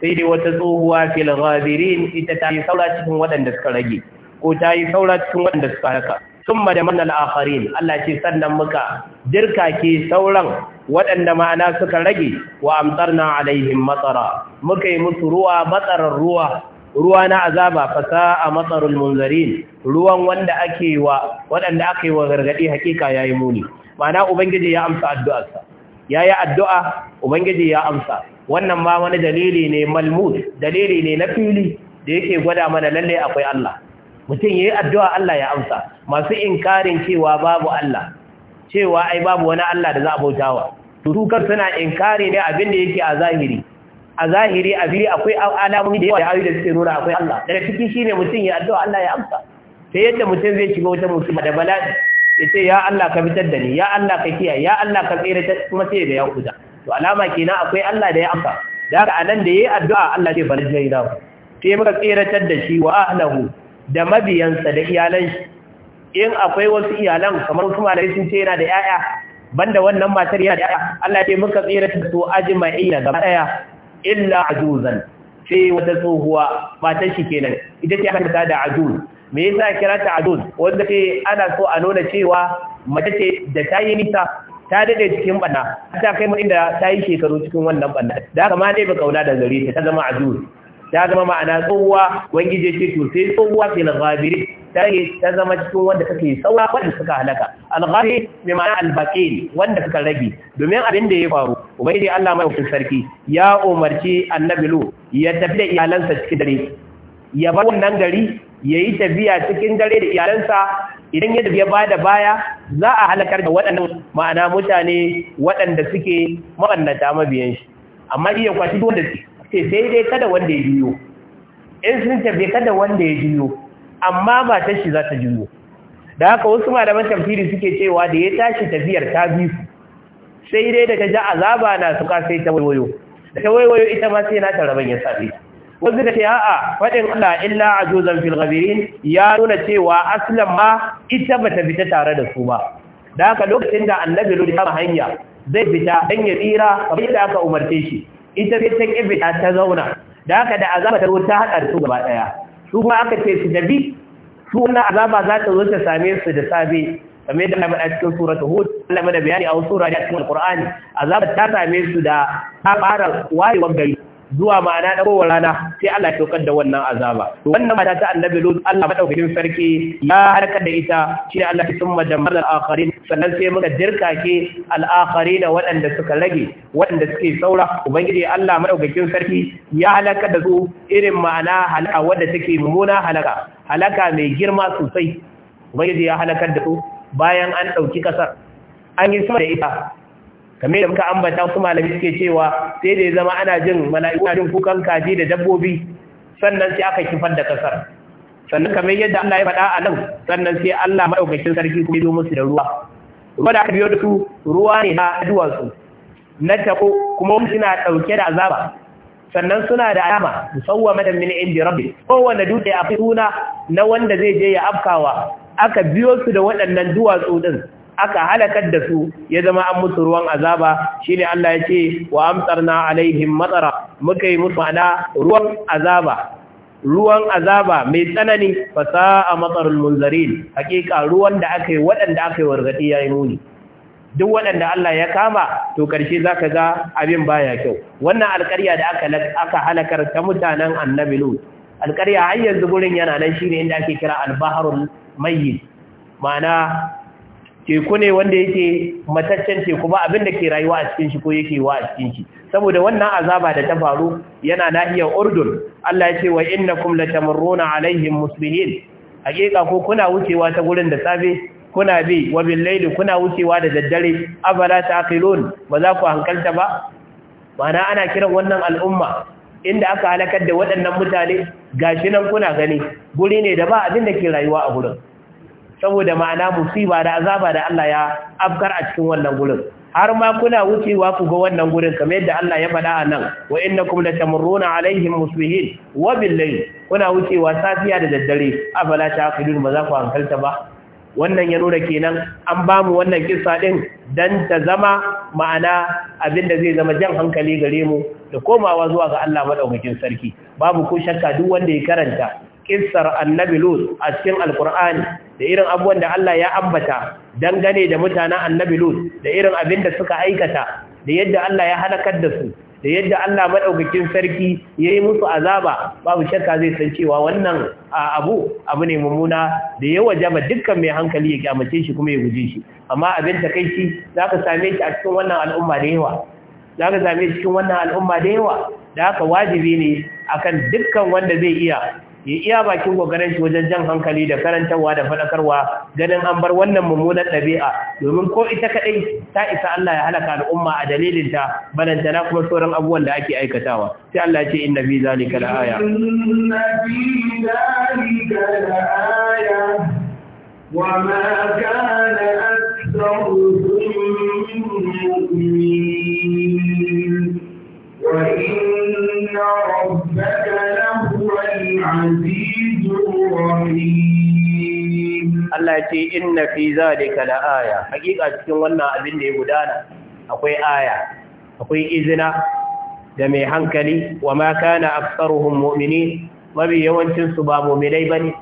A: sai dai wata tsohuwa fil ghabirin ita ta yi saura cikin waɗanda suka rage ko ta yi saura cikin waɗanda suka haka summa da manal akharin Allah ce sannan muka ke sauran waɗanda ma'ana suka rage wa amtarna alaihim matsara muka yi musu ruwa matsarar ruwa ruwa na azaba fasa a matsarul munzarin ruwan wanda ake wa waɗanda aka yi wa gargaɗi hakika ya yi muni mana ubangiji ya amsa addu'arsa ya yi addu'a ubangiji ya amsa wannan ma wani dalili ne malmud dalili ne na fili da yake gwada mana lalle akwai Allah mutum yayi addu'a Allah ya amsa masu inkarin cewa babu Allah cewa ai babu wani Allah da za a bautawa kar suna inkari ne abin da yake a zahiri a zahiri a biri akwai alamomi da yawa da suke nuna akwai Allah daga cikin shine mutum ya addu'a Allah ya amsa sai yadda mutum zai shiga wata musiba da bala'i ya ce ya Allah ka fitar da ni ya Allah ka kiyaye ya Allah ka tsere kuma sai ga ya to alama kenan akwai Allah da ya amsa da haka anan da yayi addu'a Allah zai farje ina sai muka tsiratar da shi wa ahlahu da mabiyansa da iyalan shi in akwai wasu iyalan kamar wasu da sun ce yana da yaya banda wannan matar yana da yaya Allah ya muka tsiratar da su ajma'ina gaba daya illa ajuzan sai wata tsohuwa matar shi kenan ita ce aka da ajuz me yasa kira ta ajuz wanda ke ana so a nuna cewa mace ce da ta yi nisa ta dade cikin banna ta kai mu inda ta yi shekaru cikin wannan banna da haka ma dai ba kauna da gare ta ta zama azur ta zama ma'ana tsohuwa wangije ce to sai tsohuwa ke ta yi ta zama cikin wanda take saura wanda suka halaka al mai bi ma'ana al wanda suka rage domin abin da ya faru ubangiji Allah mai sarki ya umarci annabi lu ya tafi da iyalansa cikin dare ya bar wannan gari ya yi tafiya cikin dare da iyalansa idan ya tafiya ba da baya za a halakar da waɗannan ma'ana mutane waɗanda suke ma'annata mabiyan shi amma iya kwashi wanda ce sai dai kada wanda ya juyo in sun tafiya kada wanda ya juyo amma ba ta shi za ta juyo da haka wasu malaman tafsiri suke cewa da ya tashi tafiyar ta bi sai dai da ta ja azaba na suka sai ta wayo da ta wayo ita ma sai na ta ya sabe wasu da ta a'a faɗin Allah illa a fil ya nuna cewa aslan ma ita bata fita tare da su ba da haka lokacin da annabi lodi kama hanya zai fita dan ya tsira kamar yadda aka umarce shi ita ce ta fita ta zauna da haka da azaba ta ta haɗa su gaba ɗaya su kuma aka ce su dabi su wannan azaba za ta zo ta same su da safe kamar yadda a cikin suratul hud Allah da bayani a sura da cikin Alƙur'ani? azaba ta same su da ta fara wayewar gari zuwa ma'ana dagowar rana sai Allah ya saukar da wannan azaba to wannan mata ta annabi lut Allah madaukakin sarki ya harkar da ita shi ne Allah ya summa da al-akharin sannan sai muka dirkake al-akharin waɗanda suka rage waɗanda suke saura ubangiji Allah madaukakin sarki ya halaka da su irin ma'ana halaka wadda take mummuna halaka halaka mai girma sosai ubangiji ya halakar da su bayan an ɗauki ƙasar an yi sama da ita kamar da muka ambata su malami suke cewa sai da ya zama ana jin mala'ika jin kukan kaji da dabbobi sannan sai aka kifar da kasar sannan kamar yadda Allah ya faɗa a nan sannan sai Allah maɗaukakin sarki kuma ya musu da ruwa ruwa da aka biyo da su ruwa ne na duwatsu na tako kuma wani suna ɗauke da azaba sannan suna da alama musawwa madan min indi rabbi kowanne dutse akwai suna na wanda zai je ya afkawa aka biyo su da waɗannan duwatsu din aka halakar da su ya zama an mutu ruwan azaba shi ne Allah ya ce wa amsarna alaihim matsara muka yi musu ana ruwan azaba ruwan azaba mai tsanani fasa a matsarin munzarin hakika ruwan da aka yi waɗanda aka yi wargaɗi ya yi muni duk waɗanda Allah ya kama to ƙarshe za ka ga abin baya kyau wannan alƙarya da aka halakar ta mutanen annabi lut alƙarya har yanzu gurin yana nan shi ne inda ake kira albaharul mayyit ma'ana teku ne wanda yake mataccen teku ba abinda ke rayuwa a cikin shi ko yake wa a cikin shi saboda wannan azaba da ta faru yana nahiyar urdun Allah ya ce wa innakum latamurruna alaihim musbihin hakika ko kuna wucewa ta gurin da safe kuna bi wa bil layli kuna wucewa da daddare afala taqilun ba za ku hankalta ba mana ana kiran wannan al'umma inda aka halakar da waɗannan mutane gashi nan kuna gani guri ne da ba abinda ke rayuwa a gurin saboda ma'ana musiba da azaba da Allah ya afkar a cikin wannan gurin har ma kuna wucewa ku ga wannan gurin kamar yadda Allah ya faɗa a nan wa innakum latamurruna alaihim musbihin wa billayl kuna wucewa safiya da daddare afala taqilun ba za ku hankalta ba wannan ya nuna kenan an ba mu wannan kissa din dan ta zama ma'ana abin da zai zama jan hankali gare mu da komawa zuwa ga Allah madaukakin sarki babu ko shakka duk wanda ya karanta kissar annabi lut a cikin alkur'ani da irin abubuwan da Allah ya ambata dangane da mutanen annabi lut da irin abin da suka aikata da yadda Allah ya halakar da su da yadda Allah madaukakin sarki yayi musu azaba babu shakka zai san cewa wannan abu abu ne mummuna da ya wajaba dukkan mai hankali ya kyamace shi kuma ya guje shi amma abin shi zaka same shi a cikin wannan al'umma da yawa zaka same shi cikin wannan al'umma da yawa da haka wajibi ne akan dukkan wanda zai iya yi iya bakin kokarin shi wajen jan hankali da karantarwa da faɗakarwa ganin an bar wannan mummunan ɗabi'a domin ko ita kaɗai ta isa Allah ya halaka al'umma a dalilin ta balantana kuma sauran abubuwan da ake aikatawa sai Allah ya ce inna fi zalika la'aya
B: inna fi zalika la'aya wa ma kana wa inna rabbaka العزيز
A: الرحيم الله يتي إن في ذلك لآية cikin wannan abin da ya gudana akwai aya akwai izina da mai hankali wa ma kana aktsaruhum mu'minin mabi yawancin su ba mu'minai bane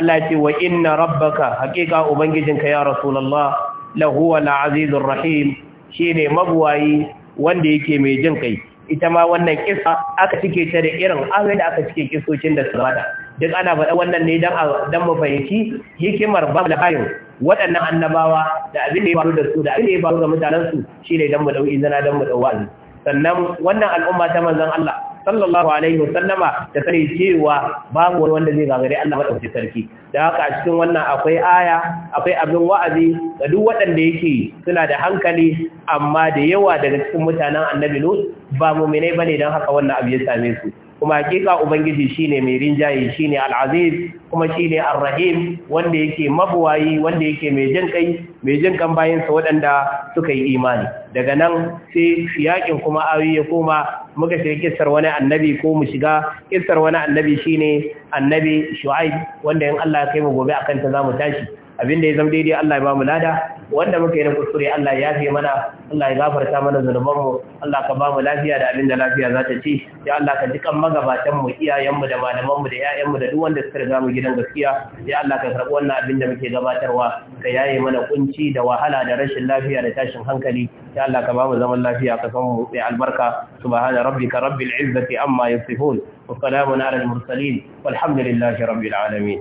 A: Allah ce wa inna rabbaka haƙiƙa ubangijinka ya rasulullah lahu wal azizur rahim shine mabuwayi wanda yake mai jin kai ita ma wannan kisa aka cike ta da irin ahuwa da aka cike kisocin da sabada duk ana faɗa wannan ne dan dan mu fahimci hikimar ba da waɗannan annabawa da abin da ya faru da su da abin da ya faru ga mutanen su ne dan mu dauki zana dan mu dau sannan wannan al'umma ta manzon Allah sallallahu alaihi wasallama ta sani cewa babu wani wanda zai gagare Allah madaukakin sarki da haka a cikin wannan akwai aya akwai abin wa'azi ga duk waɗanda yake suna da hankali amma da yawa daga cikin mutanen annabi Lut ba mu'minai bane dan haka wannan abu ya same su kuma hakika ubangiji shine mai rinjaye shine al'aziz kuma shine ar-rahim wanda yake mabuwayi wanda yake mai jin kai mai jin kan waɗanda suka yi imani daga nan sai fiyakin kuma ayoyi ya koma muka shiga kissar wani annabi ko mu shiga kissar wani annabi shine annabi shu'aib wanda in Allah ya kai mu gobe akan ta zamu tashi abinda ya zama daidai Allah ya ba mu lada wanda muka yi na kuskure Allah ya yafe mana Allah ya gafarta mana zunuban mu Allah ka ba mu lafiya da abinda lafiya za ta ci ya Allah ka dukan magabatan mu iyayen mu da malaman da ƴaƴan da duk wanda suka riga mu gidan gaskiya ya Allah ka karɓi wannan da muke gabatarwa ka yaye mana kunci da wahala da rashin lafiya da tashin hankali ya Allah ka ba mu zaman lafiya ka san mu mai albarka subhana rabbika rabbil izzati amma yasifun wa salamun ala al mursalin walhamdulillahi rabbil alamin